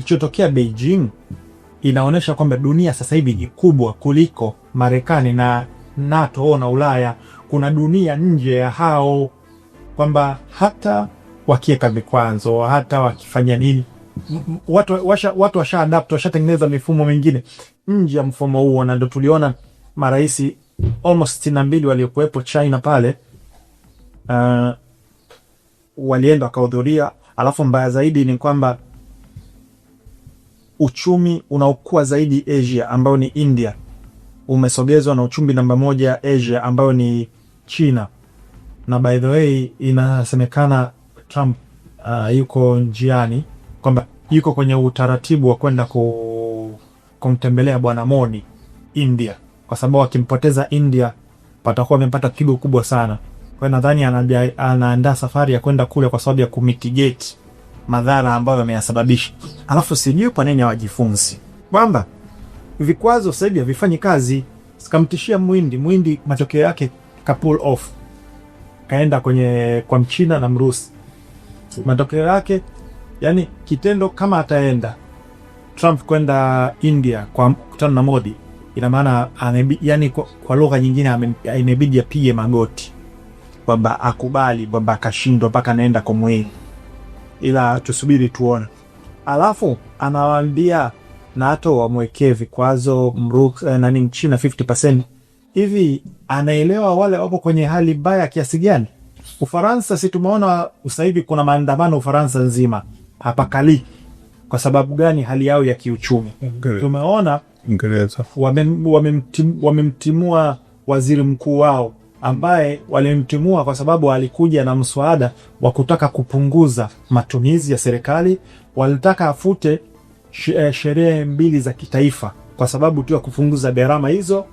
kilichotokea Beijing inaonyesha kwamba dunia sasa hivi ni kubwa kuliko Marekani na NATO na Ulaya. Kuna dunia nje ya hao, kwamba hata wakiweka vikwazo, hata wakifanya nini, watu washa watu washaadapt, washatengeneza mifumo mingine nje ya mfumo huo, na ndio tuliona marais almost sitini na mbili waliokuwepo China pale uh, walienda wakahudhuria, alafu mbaya zaidi ni kwamba uchumi unaokuwa zaidi Asia ambayo ni India umesogezwa na uchumi namba moja Asia ambayo ni China. Na by the way, inasemekana Trump uh, yuko njiani kwamba yuko kwenye utaratibu wa kwenda ku, kumtembelea Bwana Modi India, kwa sababu akimpoteza India patakuwa amepata pigo kubwa sana. Kwa hiyo nadhani anaandaa safari ya kwenda kule kwa sababu ya kumitigate madhara ambayo wameyasababisha. Alafu sijui kwa nini hawajifunzi kwamba vikwazo sasa hivi havifanyi kazi. Sikamtishia Mwindi, Mwindi matokeo yake ka pull off, kaenda kwenye kwa Mchina na Mrusi, matokeo yake yani kitendo kama ataenda Trump kwenda India kwa kutana na Modi, ina maana yani, kwa, kwa lugha nyingine inabidi apige magoti kwamba akubali kwamba akashindwa mpaka anaenda kwa Mwindi ila tusubiri tuone. Alafu anawaambia NATO wamwekee vikwazo mruk eh, nani China 50%. Hivi anaelewa wale wapo kwenye hali mbaya kiasi gani? Ufaransa si tumeona sasa hivi kuna maandamano Ufaransa nzima hapakali. Kwa sababu gani? Hali yao ya kiuchumi. Okay. Tumeona Uingereza wamemtimua wame waziri mkuu wao ambaye walimtimua kwa sababu alikuja na mswada wa kutaka kupunguza matumizi ya serikali. Walitaka afute eh, sherehe mbili za kitaifa kwa sababu tu ya kupunguza gharama hizo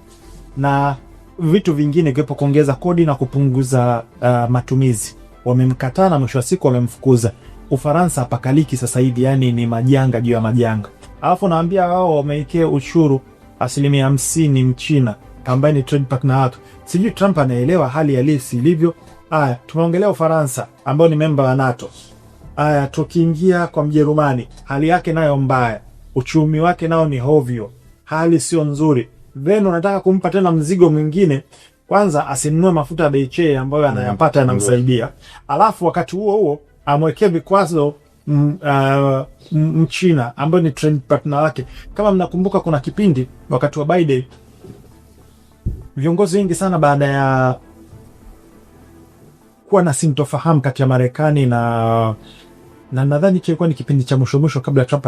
na vitu vingine, ikiwepo kuongeza kodi na kupunguza uh, matumizi. Wamemkataa na mwisho wa siku wamemfukuza. Ufaransa hapakaliki sasa hivi, yani ni majanga juu ya majanga. Alafu naambia wao wameikea ushuru asilimia hamsini Mchina ambaye ni trade partner watu. Sijui Trump anaelewa hali halisi ilivyo. Haya, tumeongelea Ufaransa ambao ni memba wa NATO. Haya, tukiingia kwa Mjerumani, hali yake nayo mbaya, uchumi wake nao ni hovyo, hali sio nzuri. Then unataka kumpa tena mzigo mwingine, kwanza asinunue mafuta ya bei ambayo mm, anayapata yanamsaidia, alafu wakati huo huo amwekee vikwazo Mchina mm, uh, ambayo ni trade partner wake. Kama mnakumbuka, kuna kipindi wakati wa Biden viongozi wengi sana baada ya kuwa na sintofahamu kati ya Marekani na na nadhani kilikuwa ni kipindi cha mwisho mwisho kabla Trump